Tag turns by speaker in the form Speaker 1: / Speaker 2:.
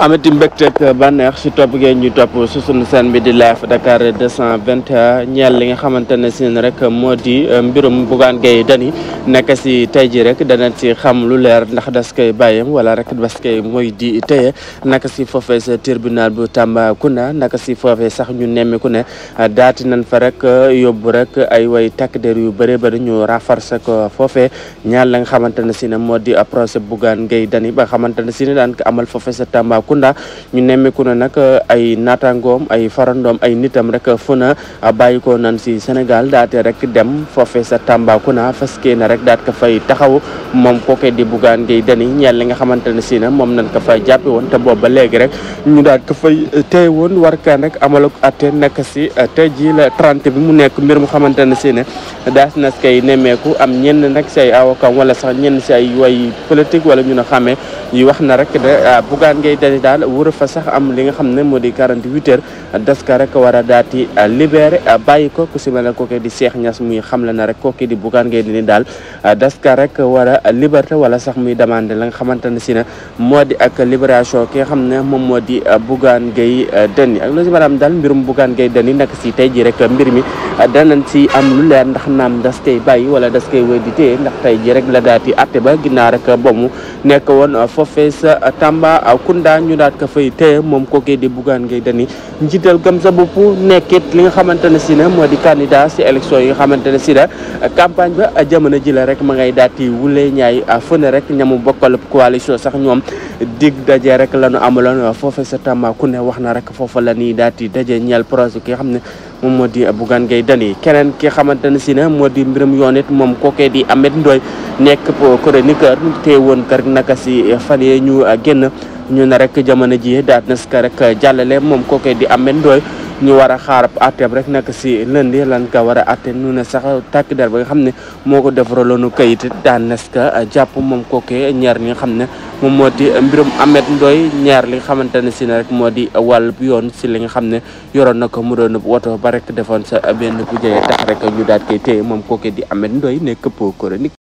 Speaker 1: amati mbégteeg bànneex si topp ngeen ñu topp su sunu seen bi di live Dakar 221 ñeel li nga xamante ne si rek moo di euh, mbirum Bougane Gueye Dany nekk si tey ji rek danañ si xam lu leer ndax das koy bàyyam wala rek das koy mooy di téye naka si foofee sa tribunal bu na naka si foofee sax ñu nemmiku ne euh, daati nañ fa rek euh, yóbbu rek ay way takk der yu bëree bëri ñu renforcer ko foofee ñaar la nga xamante si na moo di procès Bougane Gueye Dany ba xamante ne si ne daan ko amal Tambacounda ñu nemmeeku na nag eh, ay naataangoom ay farandoom ay nitam rek eh, fu na eh, bàyyi ko nan si Sénégal daate rek dem foofe sa Tambacounda faskee na rek daat ka fay taxaw moom kooke di Bougane Gueye Dany ñeel li nga xamante ne si na moom nañ ko fay jàppe woon te boobu ba léegi rek ñu daat ko fay tey woon war kaa nag amalak atte nekk si tey jii la 30 bi mu nekk mbir mu xamante ne si ne daas nas kay nemmeeku am ñenn nag si ay awakam wala sax ñenn si ay way politique wala ñu na xamee ñuy wax na rek de ah, Bougane ngay dali daal wara fa sax am li nga xam ne moo di 48 heures daska rek war a daati ah, libéré ah, bàyyi ko ku si mel ne kooke di Cheikh Niass muy xam la na rek kooke di Bougane ngay dani daal daska rek war a liberté wala sax muy demandé la nga xamante ne si na moo di ak liberation ki nga xam ne moom moo di Bougane Gueye Dany ak loolu si maanaam daal mbirum Bougane Gueye Dany nag si tey ji rek mbir mi danañ si am lu leer ndax naam das koy bàyyi wala das koy wéy di téye ndax tey ji rek la daati atte ba ginnaaw rek boomu nekk woon foofee sa Tamba Kounda ñu daat ka fay téye moom kookee di Bougane Gueye Dany njiital gëm sa bopp nekkit li nga xamante ne si na moo di candidat si élection yi nga xamante ne si ne campagne ba jamono ji la rek ma ngay daat yi wulee ñaay fëne rek ñamu bokkalub coalition sax ñoom dig daje rek la ñu amaloon foofee sa Tamba ku ne wax na rek foofa la ñuy daat yi daje ñeel projet ki nga xam ne moom moo di Bougane Gueye Dany keneen ki xamante ne si ne moo di mbirum yoon it moom kookee di Ameth ndooy nekk chroniqueur te woon kër naka si fan yee ñu a génn ñu ne rek jamono ji daat na si rek jàllale moom kookee di Ameth Ndoye ñu war a xaar àtteeb rek nag si lundi lan ka war a àtte nu ne sax tàkk der ba nga xam ne moo ko def defaraloonu kayit daan nes ka jàpp moom kookee ñaar ñi nga xam ne moom moo di mbirum Amet Ndoy ñaar li nga xamante ne si ne rek moo di wall bu yoon si li nga xam ne yoroon na ko mu doon woto ba rek defoon sa benn bu jëyee tax rek ñu daat koy téye moom kookee di Amet Ndoy ne këppoo chronique